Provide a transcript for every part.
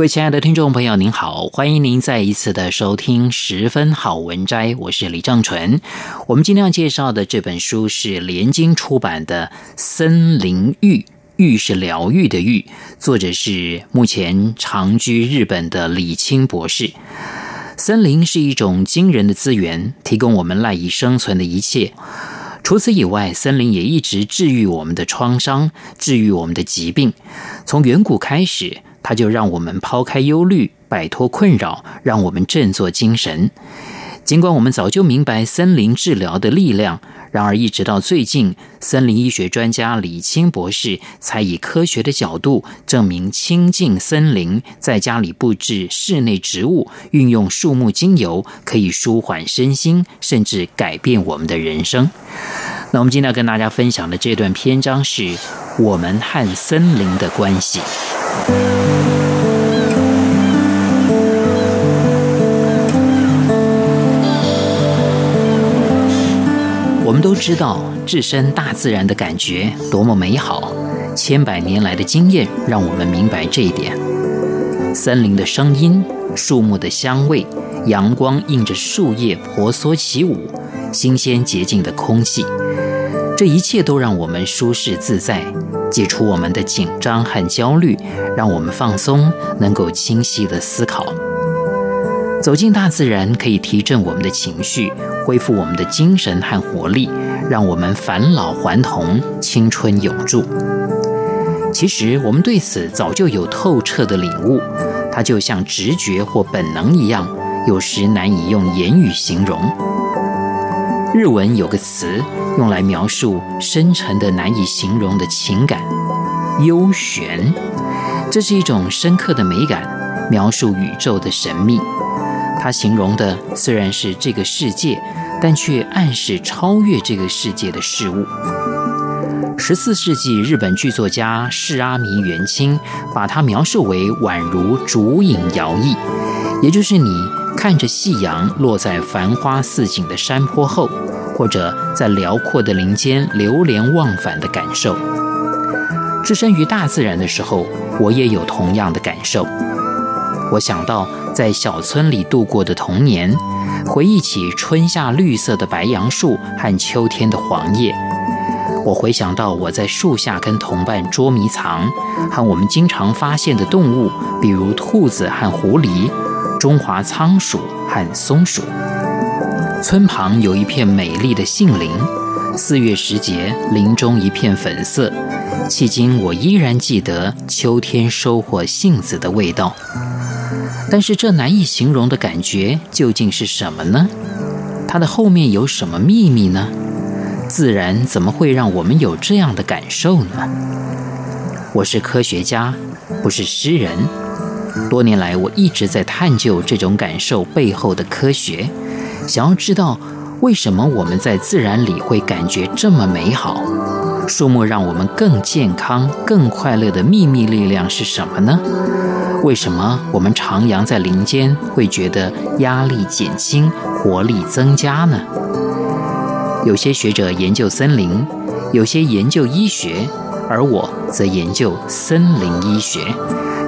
各位親愛的聽眾朋友，您好，歡迎您再一次的收聽十分好文摘，我是李正純。我們今天要介紹的這本書是聯經出版的《森林癒》，癒是療癒的癒，作者是目前長居日本的李卿博士。森林是一種驚人的資源，提供我們賴以生存的一切。除此以外，森林也一直治癒我們的創傷，治癒我們的疾病。從遠古開始，它就讓我們拋開憂慮，擺脫困擾，讓我們振作精神。儘管我們早就明白森林治療的力量，然而，一直到最近，森林醫學專家李卿博士才以科學的角度證明，親近森林，在家裡布置室內植物，運用樹木精油，可以舒緩身心，甚至改變我們的人生。那我們今天要跟大家分享的這段篇章是《我們和森林的關係》。都知道置身大自然的感覺多麼美好，千百年來的經驗讓我們明白這一點。森林的聲音，樹木的香味，陽光映着樹葉婆娑起舞，新鮮潔淨的空氣，這一切都讓我們舒適自在，解除我們的緊張和焦慮，讓我們放鬆，能夠清晰地思考。走進大自然可以提振我們的情緒。恢復我們的精神和活力，讓我們返老還童、青春永駐。其實，我們對此早就有透徹的領悟。它就像直覺或本能一樣，有時難以用言語形容。日文有個詞用來描述深沉的難以形容的情感，幽玄。這是一種深刻的美感，描述宇宙的神秘。他形容的雖然是這個世界，但卻暗示超越這個世界的事物。十四世紀日本劇作家世阿彌元清把它描述為宛如竹影搖曳，也就是你看着夕陽落在繁花似錦的山坡後，或者在遼闊的林間流連忘返的感受。置身於大自然的時候，我也有同樣的感受。我想到在小村裡度過的童年，回憶起春夏綠色的白楊樹和秋天的黃葉。我回想到我在樹下跟同伴捉迷藏，和我們經常發現的動物，比如兔子和狐狸、中華倉鼠和松鼠。村旁有一片美麗的杏林，四月時節，林中一片粉色。迄今，我依然記得秋天收穫杏子的味道。但是這難以形容的感覺究竟是什麼呢？它的後面有什麼秘密呢？自然怎麼會讓我們有這樣的感受呢？我是科學家，不是詩人。多年來，我一直在探究這種感受背後的科學，想要知道為什麼我們在自然裡會感覺這麼美好。樹木讓我們更健康、更快樂的秘密力量是什麼呢？為什麼我們徜徉在林間會覺得壓力減輕、活力增加呢？有些學者研究森林，有些研究醫學，而我則研究森林醫學，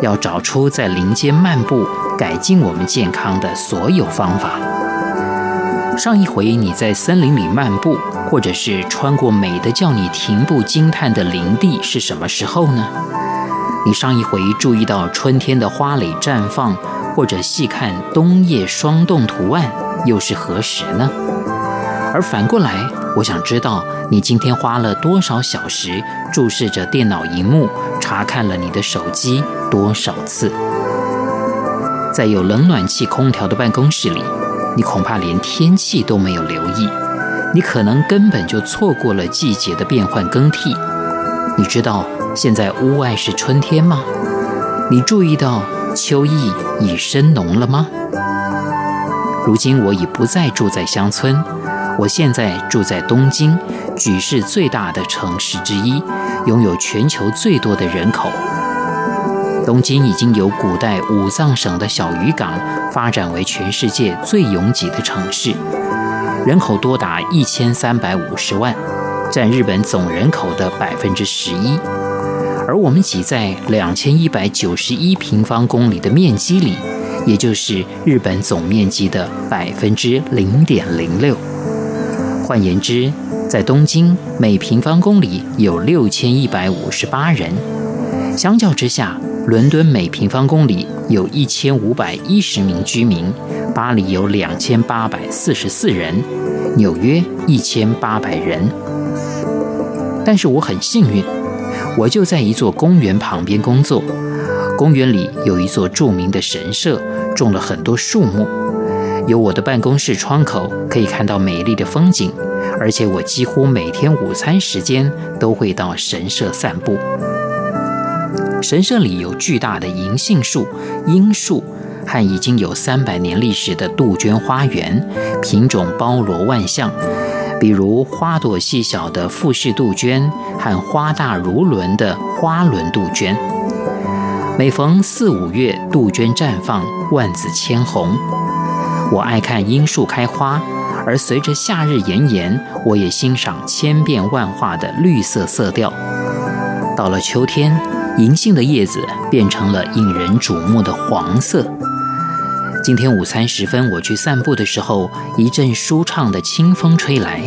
要找出在林間漫步改進我們健康的所有方法。上一回你在森林裡漫步，或者是穿過美的叫你停步驚嘆的林地，是什麼時候呢？你上一回注意到春天的花蕾綻放，或者細看冬夜霜凍圖案，又是何時呢？而反過來，我想知道你今天花了多少小時注視着電腦熒幕，查看了你的手機多少次？在有冷暖氣空調的辦公室裡。你恐怕連天氣都沒有留意，你可能根本就錯過了季節的變換更替。你知道現在屋外是春天嗎？你注意到秋意已深濃了嗎？如今我已不再住在鄉村，我現在住在東京，舉世最大的城市之一，擁有全球最多的人口。東京已經由古代武藏省的小漁港發展為全世界最擁擠的城市，人口多達一千三百五十萬，占日本總人口的百分之十一。而我們擠在兩千一百九十一平方公里的面積裡，也就是日本總面積的百分之零點零六。換言之，在東京每平方公里有六千一百五十八人。相較之下，倫敦每平方公里有一千五百一十名居民，巴黎有兩千八百四十四人，紐約一千八百人。但是我很幸運，我就在一座公園旁邊工作。公園裡有一座著名的神社，種了很多樹木。由我的辦公室窗口可以看到美麗的風景，而且我幾乎每天午餐時間都會到神社散步。神社裡有巨大的銀杏樹、櫻樹和已經有三百年歷史的杜鵑花園，品種包羅萬象，比如花朵細小的富士杜鵑和花大如輪的花輪杜鵑。每逢四五月，杜鵑綻放，萬紫千紅。我愛看櫻樹開花，而隨着夏日炎炎，我也欣賞千變萬化的綠色色調。到了秋天，銀杏的葉子變成了引人矚目的黃色。今天午餐時分，我去散步的時候，一陣舒暢的清風吹來，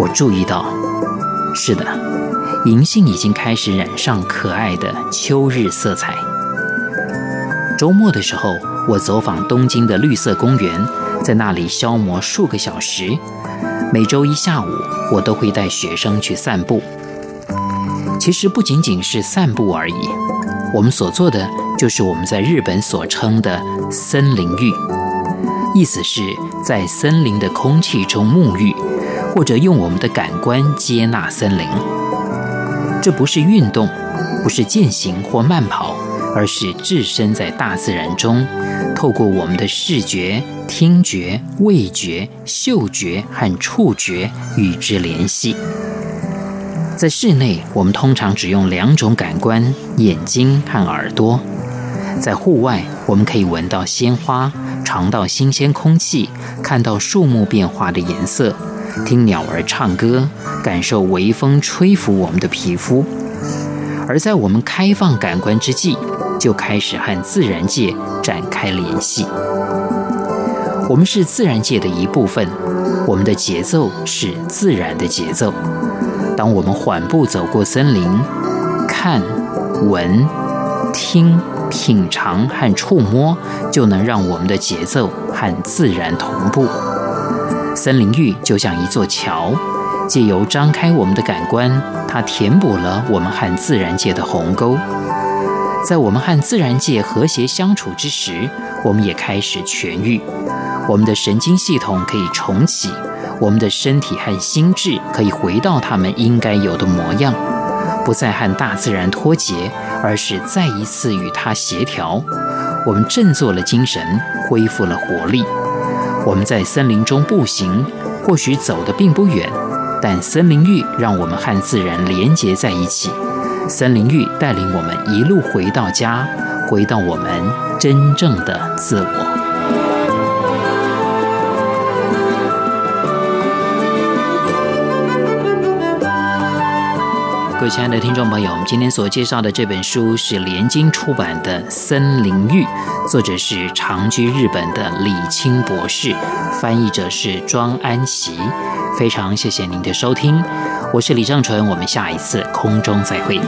我注意到，是的，銀杏已經開始染上可愛的秋日色彩。周末的時候，我走訪東京的綠色公園，在那裡消磨數個小時。每周一下午，我都會帶學生去散步。其實不僅僅是散步而已，我們所做的就是我們在日本所稱的“森林浴”，意思是在森林的空氣中沐浴，或者用我們的感官接納森林。這不是運動，不是健行或慢跑，而是置身在大自然中，透過我們的視覺、聽覺、味覺、嗅覺和觸覺與之聯繫。在室內，我們通常只用兩種感官：眼睛和耳朵。在戶外，我們可以聞到鮮花，嘗到新鮮空氣，看到樹木變化的顏色，聽鳥兒唱歌，感受微風吹拂我們的皮膚。而在我們開放感官之際，就開始和自然界展開聯繫。我們是自然界的一部分，我們的節奏是自然的節奏。當我們緩步走過森林，看、聞、聽、品嘗和觸摸，就能讓我們的節奏和自然同步。森林浴就像一座橋，借由張開我們的感官，它填補了我們和自然界的鴻溝。在我們和自然界和諧相處之時，我們也開始痊癒，我們的神經系統可以重啟。我們的身體和心智可以回到它們應該有的模樣，不再和大自然脫節，而是再一次與它協調。我們振作了精神，恢復了活力。我們在森林中步行，或許走得並不遠，但森林浴讓我們和自然連結在一起。森林浴帶領我們一路回到家，回到我們真正的自我。各位親愛的聽眾朋友，我們今天所介紹的這本書是聯經出版的《森林浴》，作者是長居日本的李卿博士，翻譯者是莊安祺。非常謝謝您的收聽，我是李正淳，我們下一次空中再會。